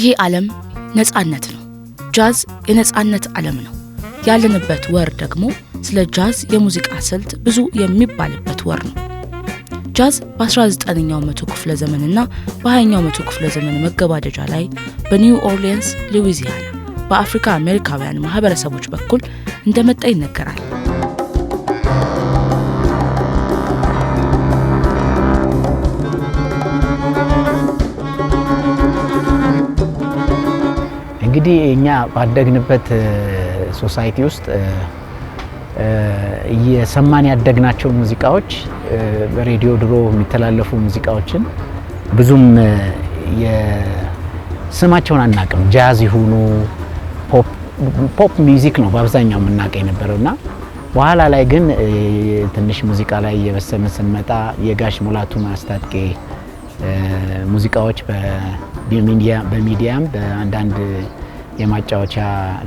ይሄ ዓለም ነፃነት ነው። ጃዝ የነፃነት ዓለም ነው። ያለንበት ወር ደግሞ ስለ ጃዝ የሙዚቃ ስልት ብዙ የሚባልበት ወር ነው። ጃዝ በ19ኛው መቶ ክፍለ ዘመንና በ20ኛው መቶ ክፍለ ዘመን መገባደጃ ላይ በኒው ኦርሊንስ ሉዊዚያና በአፍሪካ አሜሪካውያን ማህበረሰቦች በኩል እንደመጣ ይነገራል። እንግዲህ እኛ ባደግንበት ሶሳይቲ ውስጥ የሰማን ያደግናቸው ሙዚቃዎች በሬዲዮ ድሮ የሚተላለፉ ሙዚቃዎችን ብዙም ስማቸውን አናቅም። ጃዝ ይሁኑ ፖፕ ሚውዚክ ነው በአብዛኛው የምናውቀው የነበረው እና በኋላ ላይ ግን ትንሽ ሙዚቃ ላይ እየበሰመ ስንመጣ የጋሽ ሙላቱ ማስታጥቄ ሙዚቃዎች በሚዲያም በአንዳንድ የማጫወቻ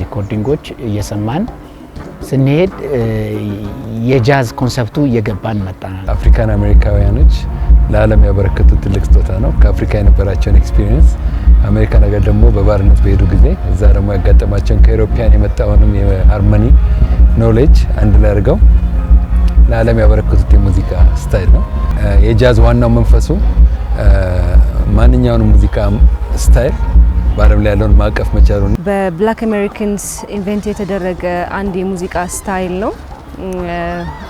ሪኮርዲንጎች እየሰማን ስንሄድ የጃዝ ኮንሰፕቱ እየገባን መጣ። አፍሪካን አሜሪካውያኖች ለዓለም ያበረከቱት ትልቅ ስጦታ ነው። ከአፍሪካ የነበራቸውን ኤክስፒሪየንስ አሜሪካ ነገር ደግሞ በባርነት በሄዱ ጊዜ እዛ ደግሞ ያጋጠማቸውን ከኢሮፓያን የመጣውንም የሃርመኒ ኖሌጅ አንድ ላይ አድርገው ለዓለም ያበረከቱት የሙዚቃ ስታይል ነው። የጃዝ ዋናው መንፈሱ ማንኛውንም ሙዚቃ ስታይል በዓለም ላይ ያለውን ማቀፍ መቻሉ በብላክ አሜሪካንስ ኢንቨንት የተደረገ አንድ የሙዚቃ ስታይል ነው።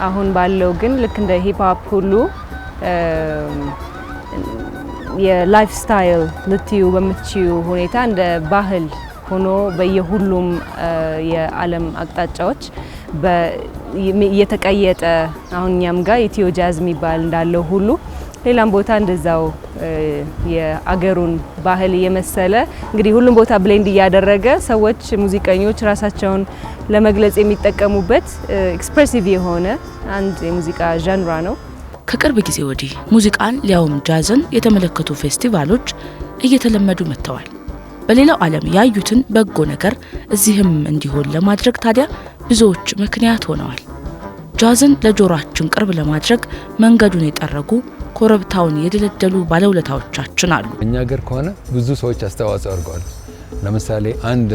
አሁን ባለው ግን ልክ እንደ ሂፕ ሆፕ ሁሉ የላይፍ ስታይል ልትዩ በምትችዩ ሁኔታ እንደ ባህል ሆኖ በየሁሉም የዓለም አቅጣጫዎች እየተቀየጠ አሁን እኛም ጋር ኢትዮ ጃዝ የሚባል እንዳለው ሁሉ ሌላም ቦታ እንደዛው የአገሩን ባህል እየመሰለ እንግዲህ ሁሉም ቦታ ብሌንድ እያደረገ ሰዎች ሙዚቀኞች ራሳቸውን ለመግለጽ የሚጠቀሙበት ኤክስፕሬሲቭ የሆነ አንድ የሙዚቃ ዣንራ ነው። ከቅርብ ጊዜ ወዲህ ሙዚቃን ሊያውም ጃዝን የተመለከቱ ፌስቲቫሎች እየተለመዱ መጥተዋል። በሌላው ዓለም ያዩትን በጎ ነገር እዚህም እንዲሆን ለማድረግ ታዲያ ብዙዎች ምክንያት ሆነዋል። ጃዝን ለጆሯችን ቅርብ ለማድረግ መንገዱን የጠረጉ ኮረብታውን የደለደሉ ባለውለታዎቻችን አሉ። እኛ ሀገር ከሆነ ብዙ ሰዎች አስተዋጽኦ አድርገዋል። ለምሳሌ አንድ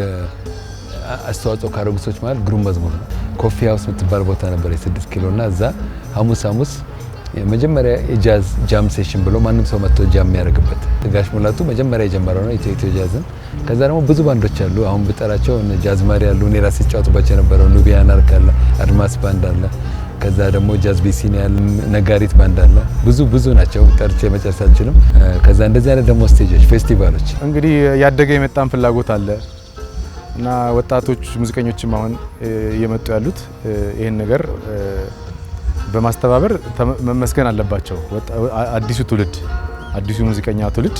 አስተዋጽኦ ካደረጉ ሰዎች ማለት ግሩም መዝሙር ነው። ኮፊ ሀውስ የምትባል ቦታ ነበር የስድስት ኪሎ እና እዛ ሀሙስ ሀሙስ መጀመሪያ የጃዝ ጃም ሴሽን ብሎ ማንም ሰው መጥቶ ጃም የሚያደርግበት ጋሽ ሙላቱ መጀመሪያ የጀመረው ነው ኢትዮ ጃዝን። ከዛ ደግሞ ብዙ ባንዶች አሉ። አሁን ብጠራቸው ጃዝ ማሪ አሉ፣ እኔ ራሴ ሲጫወትባቸው የነበረው ኑቢያን አርክ አለ፣ አድማስ ባንድ አለ ከዛ ደግሞ ጃዝ ቤሲኒያል ነጋሪት ባንድ አለ። ብዙ ብዙ ናቸው፣ ጠርቼ መጨረስ አልችልም። ከዛ እንደዚህ አይነት ደግሞ ስቴጆች፣ ፌስቲቫሎች እንግዲህ ያደገ የመጣን ፍላጎት አለ እና ወጣቶች ሙዚቀኞችም አሁን እየመጡ ያሉት ይህን ነገር በማስተባበር መመስገን አለባቸው። አዲሱ ትውልድ አዲሱ ሙዚቀኛ ትውልድ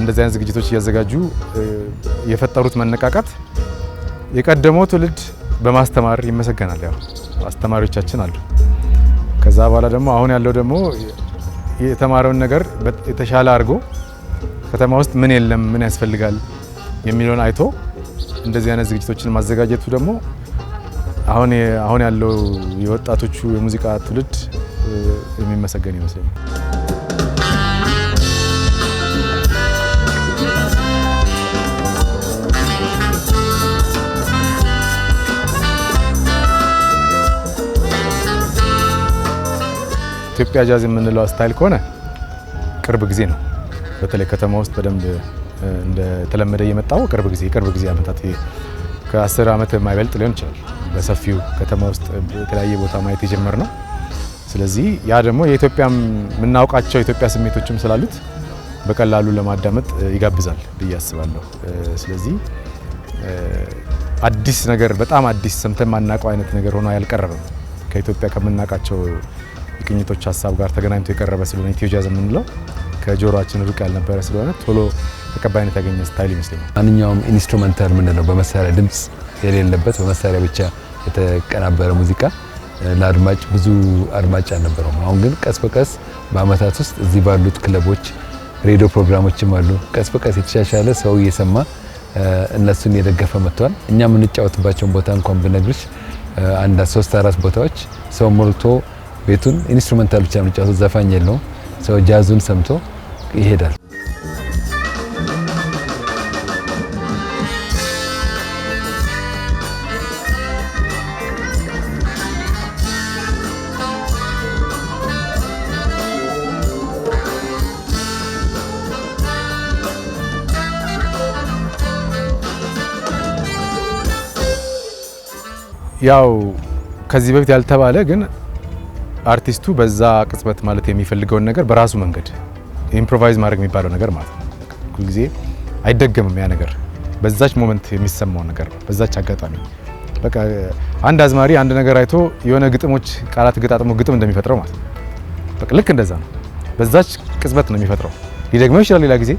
እንደዚህ አይነት ዝግጅቶች እያዘጋጁ የፈጠሩት መነቃቃት የቀደመው ትውልድ በማስተማር ይመሰገናል። ያው አስተማሪዎቻችን አሉ። ከዛ በኋላ ደግሞ አሁን ያለው ደግሞ የተማረውን ነገር የተሻለ አድርጎ ከተማ ውስጥ ምን የለም ምን ያስፈልጋል የሚለውን አይቶ እንደዚህ አይነት ዝግጅቶችን ማዘጋጀቱ ደግሞ አሁን አሁን ያለው የወጣቶቹ የሙዚቃ ትውልድ የሚመሰገን ይመስለኛል። ኢትዮጵያ ጃዝ የምንለው ስታይል ከሆነ ቅርብ ጊዜ ነው። በተለይ ከተማ ውስጥ በደንብ እንደተለመደ እየመጣው ቅርብ ጊዜ ቅርብ ጊዜ ዓመታት ከአስር ዓመት የማይበልጥ ሊሆን ይችላል። በሰፊው ከተማ ውስጥ የተለያየ ቦታ ማየት የጀመር ነው። ስለዚህ ያ ደግሞ የኢትዮጵያ የምናውቃቸው የኢትዮጵያ ስሜቶችም ስላሉት በቀላሉ ለማዳመጥ ይጋብዛል ብዬ አስባለሁ። ስለዚህ አዲስ ነገር በጣም አዲስ ሰምተን ማናውቀው አይነት ነገር ሆኖ ያልቀረበም ከኢትዮጵያ ከምናውቃቸው ቅኝቶች ሀሳብ ጋር ተገናኝቶ የቀረበ ስለሆነ ኢትዮ ጃዝ የምንለው ከጆሮችን ሩቅ ያልነበረ ስለሆነ ቶሎ ተቀባይነት ያገኘ ስታይል ይመስለኛል። ማንኛውም ኢንስትሩመንታል የምንለው በመሳሪያ ድምፅ የሌለበት በመሳሪያ ብቻ የተቀናበረ ሙዚቃ ለአድማጭ ብዙ አድማጭ አልነበረውም። አሁን ግን ቀስ በቀስ በአመታት ውስጥ እዚህ ባሉት ክለቦች ሬዲዮ ፕሮግራሞችም አሉ። ቀስ በቀስ የተሻሻለ ሰው እየሰማ እነሱን የደገፈ መጥቷል። እኛ የምንጫወትባቸውን ቦታ እንኳን ብነግርሽ አንድ ሶስት አራት ቦታዎች ሰው ሞልቶ ቤቱን ኢንስትሩመንታል ብቻ የሚጫወቱት ዘፋኝ የለውም። ሰው ጃዙን ሰምቶ ይሄዳል። ያው ከዚህ በፊት ያልተባለ ግን አርቲስቱ በዛ ቅጽበት ማለት የሚፈልገውን ነገር በራሱ መንገድ ኢምፕሮቫይዝ ማድረግ የሚባለው ነገር ማለት ነው። ሁልጊዜ አይደገምም ያ ነገር በዛች ሞመንት የሚሰማው ነገር በዛች አጋጣሚ በቃ አንድ አዝማሪ አንድ ነገር አይቶ የሆነ ግጥሞች ቃላት ገጣጥሞ ግጥም እንደሚፈጥረው ማለት ነው። በቃ ልክ እንደዛ ነው። በዛች ቅጽበት ነው የሚፈጥረው። ሊደግመው ይችላል ሌላ ጊዜ፣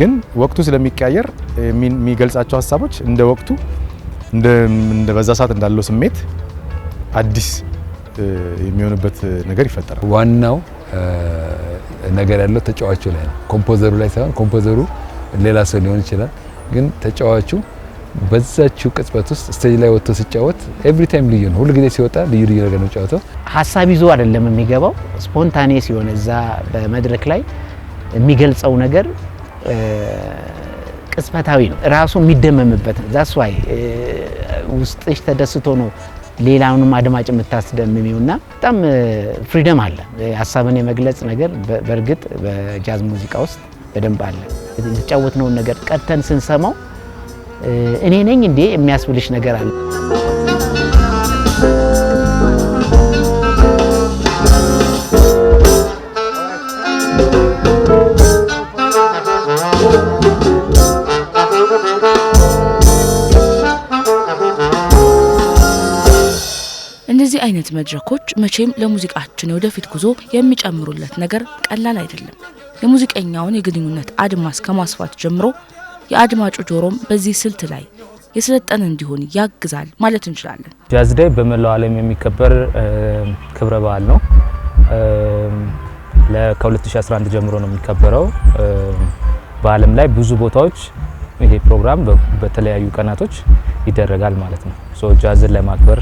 ግን ወቅቱ ስለሚቀያየር የሚገልጻቸው ሀሳቦች እንደ ወቅቱ እንደ በዛ ሰዓት እንዳለው ስሜት አዲስ የሚሆንበት ነገር ይፈጠራል። ዋናው ነገር ያለው ተጫዋቹ ላይ ነው፣ ኮምፖዘሩ ላይ ሳይሆን ኮምፖዘሩ ሌላ ሰው ሊሆን ይችላል፣ ግን ተጫዋቹ በዛችው ቅጽበት ውስጥ ስቴጅ ላይ ወጥቶ ሲጫወት ኤቭሪ ታይም ልዩ ነው። ሁሉ ጊዜ ሲወጣ ልዩ ልዩ ነገር ነው ጫወተው። ሀሳብ ይዞ አይደለም የሚገባው፣ ስፖንታኔስ የሆነ እዛ በመድረክ ላይ የሚገልጸው ነገር ቅጽበታዊ ነው። ራሱ የሚደመምበት ነው ዋይ ውስጥሽ ተደስቶ ነው ሌላውንም አድማጭ የምታስደምሚውና በጣም ፍሪደም አለ። ሀሳብን የመግለጽ ነገር በእርግጥ በጃዝ ሙዚቃ ውስጥ በደንብ አለ። የተጫወትነውን ነገር ቀጥተን ስንሰማው እኔ ነኝ እንዴ የሚያስብልሽ ነገር አለ። አይነት መድረኮች መቼም ለሙዚቃችን የወደፊት ጉዞ የሚጨምሩለት ነገር ቀላል አይደለም። የሙዚቀኛውን የግንኙነት አድማስ ከማስፋት ጀምሮ የአድማጩ ጆሮም በዚህ ስልት ላይ የሰለጠነ እንዲሆን ያግዛል ማለት እንችላለን። ጃዝ ዴይ በመላው ዓለም የሚከበር ክብረ በዓል ነው። ከ2011 ጀምሮ ነው የሚከበረው። በዓለም ላይ ብዙ ቦታዎች ይሄ ፕሮግራም በተለያዩ ቀናቶች ይደረጋል ማለት ነው። ጃዝን ለማክበር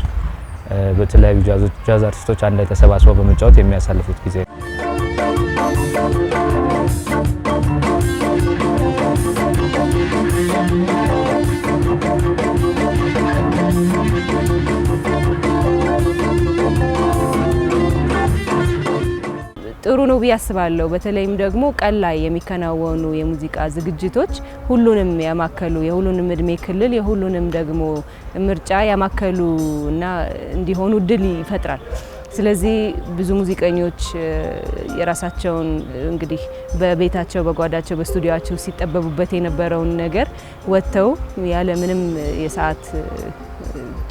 በተለያዩ ጃዝ አርቲስቶች አንድ ላይ ተሰባስበው በመጫወት የሚያሳልፉት ጊዜ ነው። ብዬ አስባለሁ። በተለይም ደግሞ ቀን ላይ የሚከናወኑ የሙዚቃ ዝግጅቶች ሁሉንም ያማከሉ የሁሉንም እድሜ ክልል የሁሉንም ደግሞ ምርጫ ያማከሉ እና እንዲሆኑ እድል ይፈጥራል። ስለዚህ ብዙ ሙዚቀኞች የራሳቸውን እንግዲህ በቤታቸው በጓዳቸው በስቱዲዮቸው ሲጠበቡበት የነበረውን ነገር ወጥተው ያለምንም የሰዓት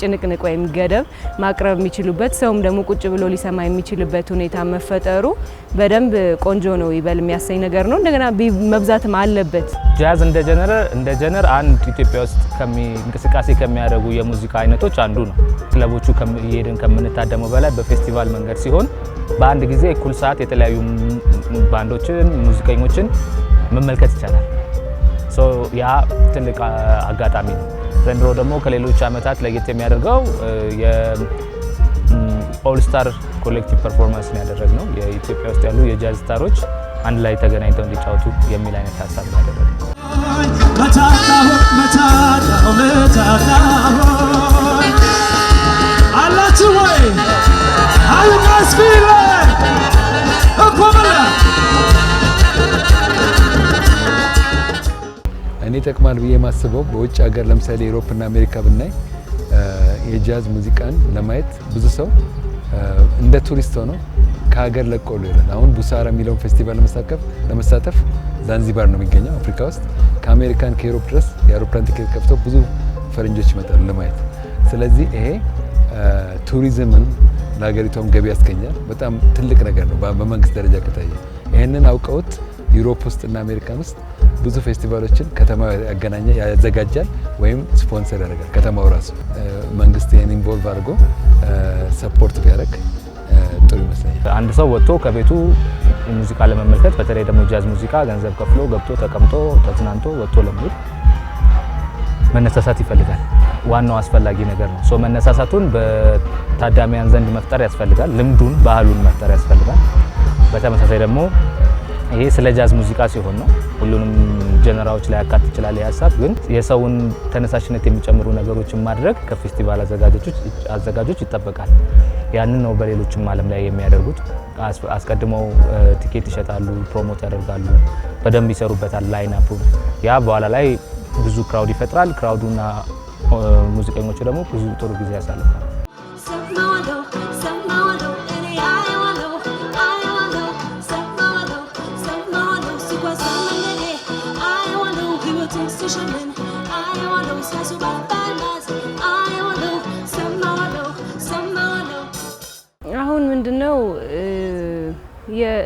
ጭንቅንቅ ወይም ገደብ ማቅረብ የሚችሉበት ሰውም ደግሞ ቁጭ ብሎ ሊሰማ የሚችልበት ሁኔታ መፈጠሩ በደንብ ቆንጆ ነው ይበል የሚያሰኝ ነገር ነው። እንደገና መብዛትም አለበት። ጃዝ እንደ ጀነር እንደ ጀነር አንድ ኢትዮጵያ ውስጥ እንቅስቃሴ ከሚያደርጉ የሙዚቃ አይነቶች አንዱ ነው። ክለቦቹ እየሄድን ከምንታደመው በላይ በፌስቲቫል መንገድ ሲሆን በአንድ ጊዜ እኩል ሰዓት የተለያዩ ባንዶችን ሙዚቀኞችን መመልከት ይቻላል። ያ ትልቅ አጋጣሚ ነው። ዘንድሮ ደግሞ ከሌሎች ዓመታት ለየት የሚያደርገው የኦልስታር ኮሌክቲቭ ፐርፎርማንስ ያደረግ ነው። የኢትዮጵያ ውስጥ ያሉ የጃዝ ስታሮች አንድ ላይ ተገናኝተው እንዲጫወቱ የሚል አይነት ሀሳብ ያደረግ ነው። እኔ ይጠቅማል ብዬ የማስበው በውጭ ሀገር ለምሳሌ ኤሮፕና አሜሪካ ብናይ የጃዝ ሙዚቃን ለማየት ብዙ ሰው እንደ ቱሪስት ሆኖ ከሀገር ለቆሉ ይላል። አሁን ቡሳራ የሚለውን ፌስቲቫል ለመሳተፍ ዛንዚባር ነው የሚገኘው አፍሪካ ውስጥ። ከአሜሪካን ከኤሮፕ ድረስ የአውሮፕላን ቲኬት ከፍተው ብዙ ፈረንጆች ይመጣሉ ለማየት። ስለዚህ ይሄ ቱሪዝምን ለሀገሪቷም ገቢ ያስገኛል። በጣም ትልቅ ነገር ነው በመንግስት ደረጃ ከታየ ይህንን አውቀውት ዩሮፕ ውስጥ እና አሜሪካን ውስጥ ብዙ ፌስቲቫሎችን ከተማ ያገናኘ ያዘጋጃል ወይም ስፖንሰር ያደርጋል። ከተማው ራሱ መንግስት ይህን ኢንቮልቭ አድርጎ ሰፖርት ቢያደርግ ጥሩ ይመስለኛል። አንድ ሰው ወጥቶ ከቤቱ ሙዚቃ ለመመልከት በተለይ ደግሞ ጃዝ ሙዚቃ ገንዘብ ከፍሎ ገብቶ ተቀምጦ ተዝናንቶ ወጥቶ ለመሄድ መነሳሳት ይፈልጋል። ዋናው አስፈላጊ ነገር ነው። መነሳሳቱን በታዳሚያን ዘንድ መፍጠር ያስፈልጋል። ልምዱን ባህሉን መፍጠር ያስፈልጋል። በተመሳሳይ ደግሞ ይሄ ስለ ጃዝ ሙዚቃ ሲሆን ነው። ሁሉንም ጀነራዎች ላይ ያካት ይችላል። ሀሳብ ግን የሰውን ተነሳሽነት የሚጨምሩ ነገሮችን ማድረግ ከፌስቲቫል አዘጋጆች ይጠበቃል። ያንን ነው በሌሎችም ዓለም ላይ የሚያደርጉት። አስቀድመው ቲኬት ይሸጣሉ፣ ፕሮሞት ያደርጋሉ፣ በደንብ ይሰሩበታል ላይን አፕ። ያ በኋላ ላይ ብዙ ክራውድ ይፈጥራል። ክራውዱና ሙዚቀኞቹ ደግሞ ብዙ ጥሩ ጊዜ ያሳልፋል።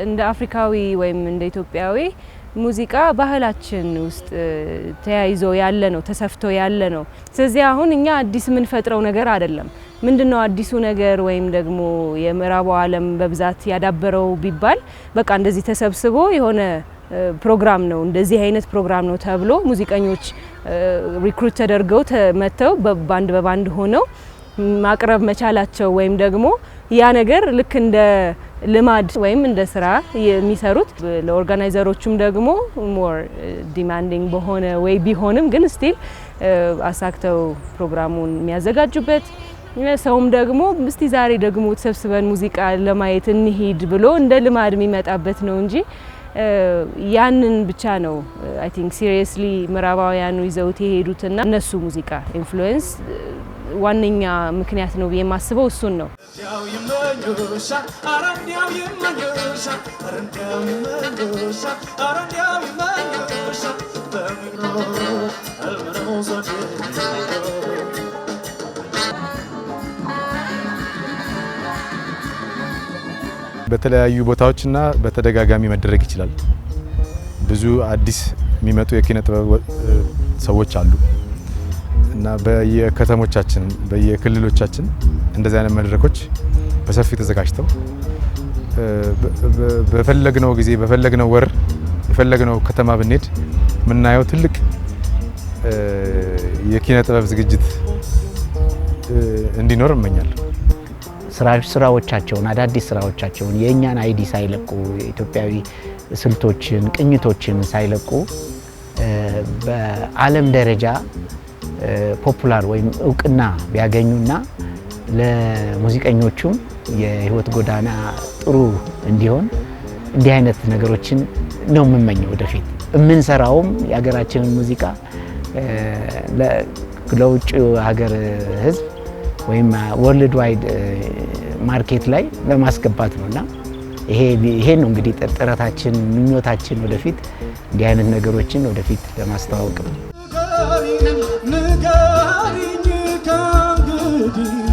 እንደ አፍሪካዊ ወይም እንደ ኢትዮጵያዊ ሙዚቃ ባህላችን ውስጥ ተያይዞ ያለ ነው፣ ተሰፍቶ ያለ ነው። ስለዚህ አሁን እኛ አዲስ የምንፈጥረው ነገር አይደለም። ምንድን ነው አዲሱ ነገር ወይም ደግሞ የምዕራቡ ዓለም በብዛት ያዳበረው ቢባል በቃ እንደዚህ ተሰብስቦ የሆነ ፕሮግራም ነው እንደዚህ አይነት ፕሮግራም ነው ተብሎ ሙዚቀኞች ሪክሩት ተደርገው መጥተው በባንድ በባንድ ሆነው ማቅረብ መቻላቸው ወይም ደግሞ ያ ነገር ልክ እንደ ልማድ ወይም እንደ ስራ የሚሰሩት ለኦርጋናይዘሮቹም ደግሞ ሞር ዲማንዲንግ በሆነ ወይ ቢሆንም ግን ስቲል አሳክተው ፕሮግራሙን የሚያዘጋጁበት ሰውም ደግሞ እስቲ ዛሬ ደግሞ ተሰብስበን ሙዚቃ ለማየት እንሂድ ብሎ እንደ ልማድ የሚመጣበት ነው እንጂ ያንን ብቻ ነው አይ ቲንክ ሲሪየስሊ ምዕራባውያኑ ይዘውት የሄዱትና እነሱ ሙዚቃ ኢንፍሉዌንስ ዋነኛ ምክንያት ነው ብዬ የማስበው እሱን ነው። በተለያዩ ቦታዎችና በተደጋጋሚ መደረግ ይችላል። ብዙ አዲስ የሚመጡ የኪነ ጥበብ ሰዎች አሉ። እና በየከተሞቻችን በየክልሎቻችን እንደዚህ አይነት መድረኮች በሰፊ ተዘጋጅተው በፈለግነው ጊዜ በፈለግነው ወር የፈለግነው ከተማ ብንሄድ የምናየው ትልቅ የኪነ ጥበብ ዝግጅት እንዲኖር እመኛለሁ። ስራዎቻቸውን አዳዲስ ስራዎቻቸውን የእኛን አይዲ ሳይለቁ የኢትዮጵያዊ ስልቶችን ቅኝቶችን ሳይለቁ በዓለም ደረጃ ፖፑላር ወይም እውቅና ቢያገኙና ለሙዚቀኞቹም የህይወት ጎዳና ጥሩ እንዲሆን እንዲህ አይነት ነገሮችን ነው የምመኘው። ወደፊት የምንሰራውም የሀገራችንን ሙዚቃ ለውጭ ሀገር ህዝብ ወይም ወርልድ ዋይድ ማርኬት ላይ ለማስገባት ነው እና ይሄ ነው እንግዲህ ጥረታችን፣ ምኞታችን ወደፊት እንዲህ አይነት ነገሮችን ወደፊት ለማስተዋወቅ ነው። ንገሪኝ ከእንግዲህ